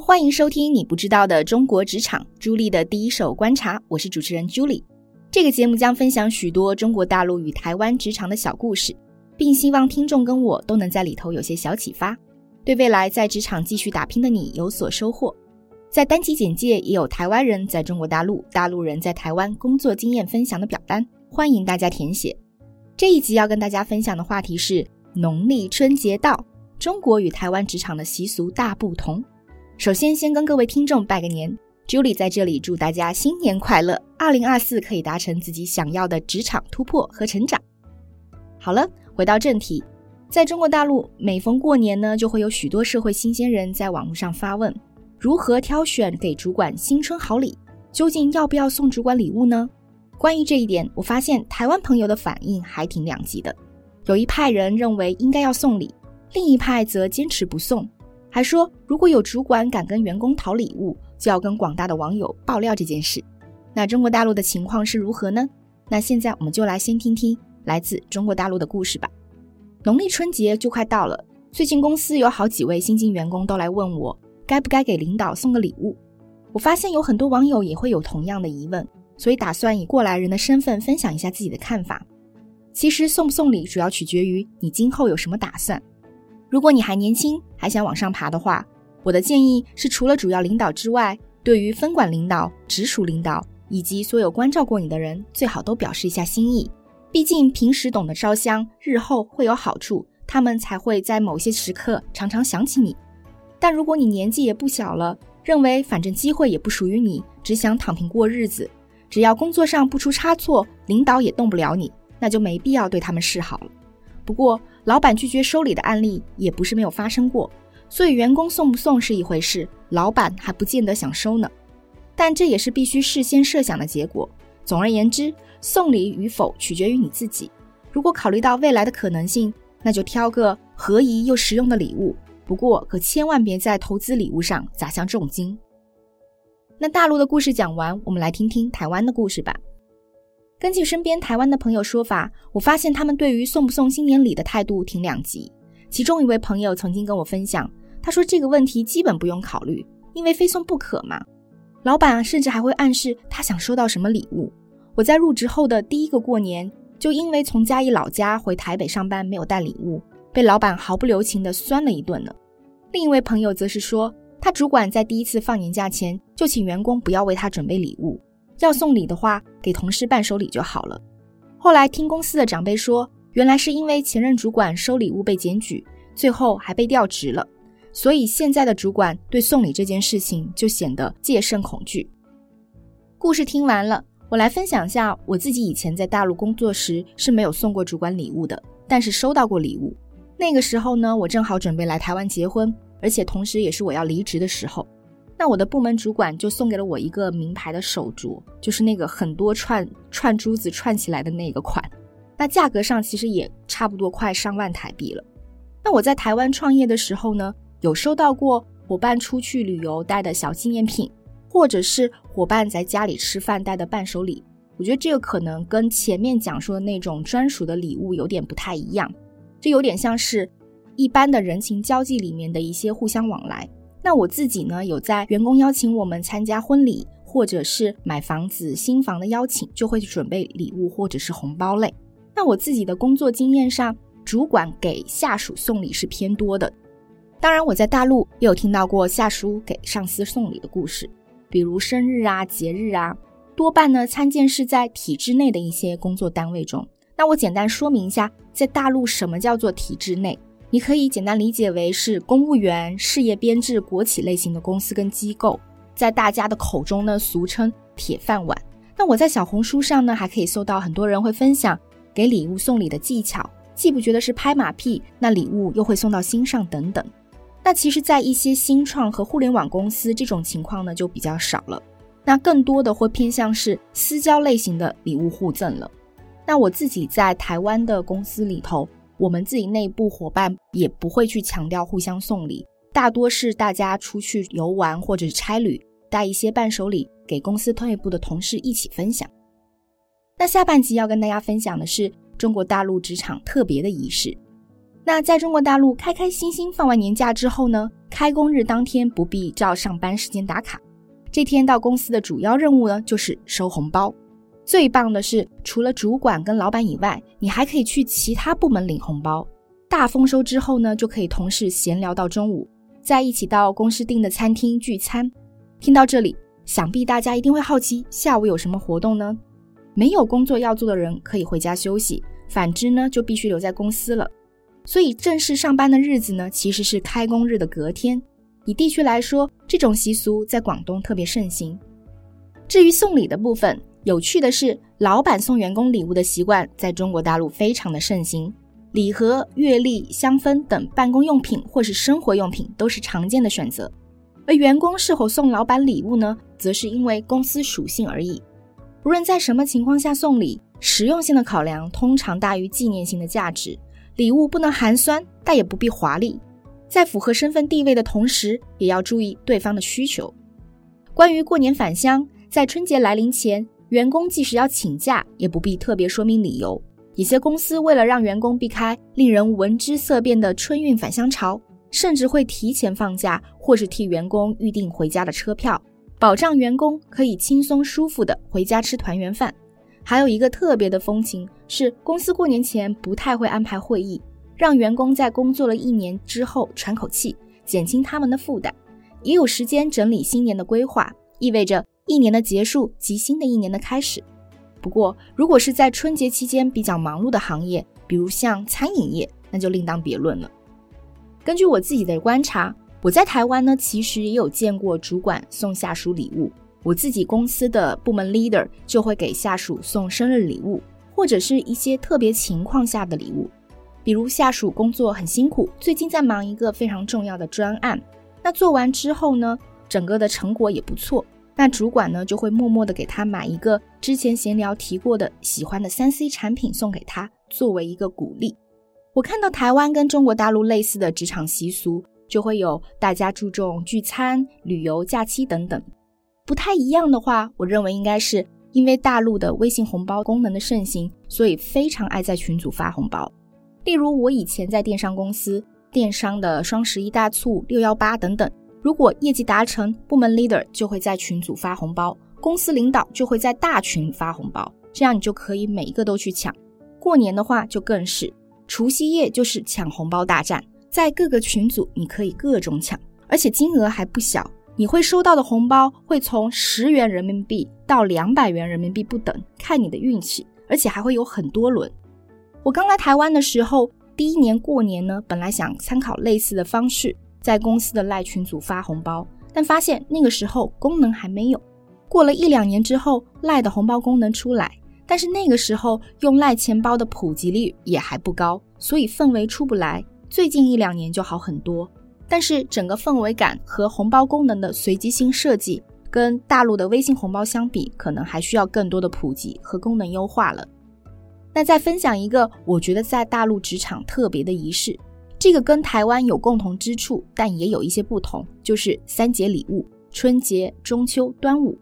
歡迎收聽《你不知道的中國職場》，朱俐的第一手觀察。我是主持人朱俐。這個節目將分享許多中國大陸與台灣職場的小故事，並希望聽眾跟我都能在裡頭有些小啟發，對未來在職場繼續打拼的你有所收穫。在單集簡介也有台灣人在中國大陸、大陸人在台灣工作經驗分享的表單，歡迎大家填寫。這一集要跟大家分享的話題是農曆春節到，中國與台灣職場的習俗大不同。首先，先跟各位聽眾拜個年，Julie 在這裡祝大家新年快樂，二零二四可以達成自己想要的職場突破和成長。好了，回到正題，在中國大陸，每逢過年呢，就會有許多社會新鮮人在網絡上發問：如何挑選給主管新春好禮？究竟要不要送主管禮物呢？關於這一點，我發現台灣朋友的反應還挺兩極的，有一派人認為應該要送禮，另一派則堅持不送。還說，如果有主管敢跟員工討禮物，就要跟廣大的網友爆料這件事。那中國大陸的情況是如何呢？那現在我們就來先聽聽來自中國大陸的故事吧。農曆春節就快到了，最近公司有好幾位新進員工都來問我，該不該給領導送個禮物。我發現有很多網友也會有同樣的疑問，所以打算以過來人的身份分享一下自己的看法。其實送不送禮，主要取決於你今後有什麼打算。如果你還年輕，還想往上爬的話，我的建議是，除了主要領導之外，對於分管領導、直屬領導以及所有關照過你的人，最好都表示一下心意。畢竟平時懂得燒香，日後會有好處，他們才會在某些時刻常常想起你。但如果你年紀也不小了，認為反正機會也不屬於你，只想躺平過日子，只要工作上不出差錯，領導也動不了你，那就沒必要對他們示好了。不過，老闆拒絕收禮的案例也不是沒有發生過，所以員工送不送是一回事，老闆還不見得想收呢。但這也是必須事先設想的結果。總而言之，送禮與否取決於你自己。如果考慮到未來的可能性，那就挑個合宜又實用的禮物。不過可千萬別在投資禮物上砸向重金。那大陸的故事講完，我們來聽聽台灣的故事吧。根據身邊台灣的朋友說法，我發現他們對於送不送新年禮的態度挺兩極。其中一位朋友曾經跟我分享，他說這個問題基本不用考慮，因為非送不可嘛。老闆甚至還會暗示他想收到什麼禮物。我在入職後的第一個過年，就因為從嘉義老家回台北上班沒有帶禮物，被老闆毫不留情地酸了一頓呢。另一位朋友則是說，他主管在第一次放年假前就請員工不要為他準備禮物。要送禮的話，給同事伴手禮就好了。後來聽公司的長輩說，原來是因為前任主管收禮物被檢舉，最後還被調職了，所以現在的主管對送禮這件事情就顯得戒慎恐懼。故事聽完了，我來分享一下，我自己以前在大陸工作時是沒有送過主管禮物的，但是收到過禮物。那個時候呢，我正好準備來台灣結婚，而且同時也是我要離職的時候。那我的部門主管就送給了我一個名牌的手鐲，就是那個很多串串珠子串起來的那個款。那價格上其實也差不多快上萬台幣了。那我在台灣創業的時候呢，有收到過夥伴出去旅遊帶的小紀念品，或者是夥伴在家裡吃飯帶的伴手禮。我覺得這個可能跟前面講述的那種專屬的禮物有點不太一樣，這有點像是一般的人情交際裡面的一些互相往來。那我自己呢，有在員工邀請我們參加婚禮，或者是買房子新房的邀請，就會去準備禮物或者是紅包類。那我自己的工作經驗上，主管給下屬送禮是偏多的。當然，我在大陸也有聽到過下屬給上司送禮的故事，比如生日啊、節日啊，多半呢參見是在體制內的一些工作單位中。那我簡單說明一下，在大陸什麼叫做體制內。你可以簡單理解為是公務員、事業編制、國企類型的公司跟機構，在大家的口中呢，俗稱“鐵飯碗”。那我在小紅書上呢，還可以搜到很多人會分享給禮物送禮的技巧，既不覺得是拍馬屁，那禮物又會送到心上等等。那其實，在一些新創和互聯網公司，這種情況呢就比較少了，那更多的會偏向是私交類型的禮物互贈了。那我自己在台灣的公司裡頭。我們自己內部夥伴也不會去強調互相送禮，大多是大家出去遊玩或者差旅，帶一些伴手禮給公司同一部的同事一起分享。那下半集要跟大家分享的是中國大陸職場特別的儀式。那在中國大陸開開心心放完年假之後呢，開工日當天不必照上班時間打卡，這天到公司的主要任務呢就是收紅包。最棒的是，除了主管跟老闆以外，你還可以去其他部門領紅包。大豐收之後呢，就可以同事閒聊到中午，再一起到公司訂的餐廳聚餐。聽到這裡，想必大家一定會好奇，下午有什麼活動呢？沒有工作要做的人可以回家休息，反之呢，就必須留在公司了。所以正式上班的日子呢，其實是開工日的隔天。以地區來說，這種習俗在廣東特別盛行。至於送禮的部分。有趣的是，老闆送員工禮物的習慣在中國大陸非常的盛行，禮盒、月曆、香氛等辦公用品或是生活用品都是常見的選擇。而員工是否送老闆禮物呢，則是因為公司屬性而異。不論在什麼情況下送禮，實用性的考量通常大於紀念性的價值。禮物不能寒酸，但也不必華麗，在符合身份地位的同時，也要注意對方的需求。關於過年返鄉，在春節來臨前。員工即使要請假，也不必特別說明理由。一些公司為了讓員工避開令人聞之色變的春運返鄉潮，甚至會提前放假，或是替員工預訂回家的車票，保障員工可以輕鬆舒服地回家吃團圓飯。還有一個特別的風情是，公司過年前不太會安排會議，讓員工在工作了一年之後喘口氣，減輕他們的負擔，也有時間整理新年的規劃，意味着。一年的結束即新的一年的開始。不過，如果是在春節期間比較忙碌的行業，比如像餐飲業，那就另當別論了。根據我自己的觀察，我在台灣呢，其實也有見過主管送下屬禮物。我自己公司的部門 leader 就會給下屬送生日禮物，或者是一些特別情況下的禮物，比如下屬工作很辛苦，最近在忙一個非常重要的專案，那做完之後呢，整個的成果也不錯。那主管呢，就會默默地給他買一個之前閒聊提過的喜歡的三 C 產品送給他，作為一個鼓勵。我看到台灣跟中國大陸類似的職場習俗，就會有大家注重聚餐、旅遊、假期等等。不太一樣的話，我認為應該是因為大陸的微信紅包功能的盛行，所以非常愛在群組發紅包。例如，我以前在電商公司，電商的雙十一大促、六幺八等等。如果業績達成，部門 leader 就會在群組發紅包，公司領導就會在大群發紅包，這樣你就可以每一個都去搶。過年的話就更是，除夕夜就是搶紅包大戰，在各個群組你可以各種搶，而且金額還不小，你會收到的紅包會從十元人民幣到兩百元人民幣不等，看你的運氣，而且還會有很多輪。我剛來台灣的時候，第一年過年呢，本來想參考類似的方式，在公司的賴群組發紅包，但發現那個時候功能還沒有。過了一兩年之後，賴的紅包功能出來，但是那個時候用賴錢包的普及率也還不高，所以氛圍出不來。最近一兩年就好很多，但是整個氛圍感和紅包功能的隨機性設計，跟大陸的微信紅包相比，可能還需要更多的普及和功能優化了。那再分享一個我覺得在大陸職場特別的儀式。這個跟台灣有共同之處，但也有一些不同，就是三節禮物：春節、中秋、端午。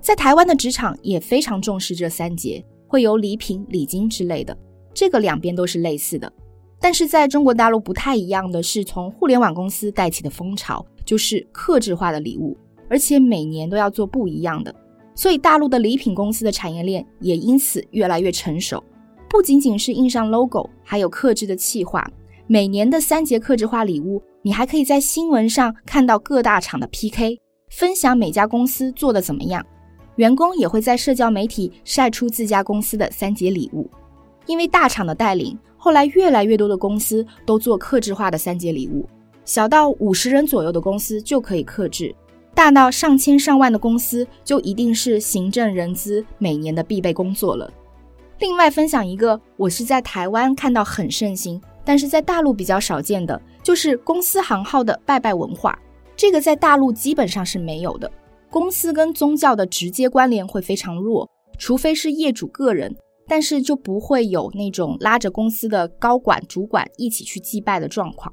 在台灣的職場也非常重視這三節，會有禮品、禮金之類的。這個兩邊都是類似的，但是在中國大陸不太一樣的是，從互聯網公司帶起的風潮就是客製化的禮物，而且每年都要做不一樣的。所以大陸的禮品公司的產業鏈也因此越來越成熟，不僅僅是印上 logo，還有客製的企劃。每年的三節客製化禮物，你還可以在新聞上看到各大廠的 PK，分享每家公司做的怎麼樣。員工也會在社交媒體曬出自家公司的三節禮物。因為大廠的帶領，後來越來越多的公司都做客製化的三節禮物。小到五十人左右的公司就可以客製，大到上千上萬的公司就一定是行政人資每年的必備工作了。另外分享一個，我是在台灣看到很盛行。但是在大陸比較少見的就是公司行號的拜拜文化，這個在大陸基本上是沒有的。公司跟宗教的直接關聯會非常弱，除非是業主個人，但是就不會有那種拉着公司的高管、主管一起去祭拜的狀況。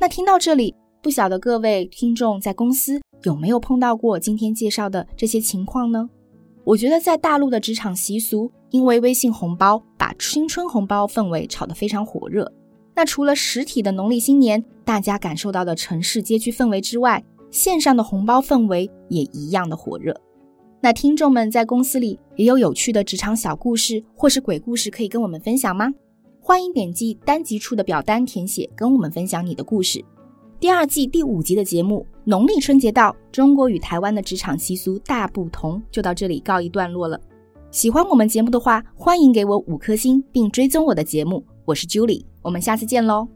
那聽到這裡，不曉得各位聽眾在公司有沒有碰到過今天介紹的這些情況呢？我覺得在大陸的職場習俗，因為微信紅包把新春紅包氛圍炒得非常火熱。那除了實體的農曆新年，大家感受到的城市街區氛圍之外，線上的紅包氛圍也一樣的火熱。那聽眾們在公司裡也有有趣的職場小故事或是鬼故事可以跟我們分享嗎？歡迎點擊單集處的表單填寫，跟我們分享你的故事。第二季第五集的節目《農曆春節到》，中國與台灣的職場習俗大不同，就到這裡告一段落了。喜歡我們節目的話，歡迎給我五顆星，並追蹤我的節目。我是 Julie。我們下次見嘍。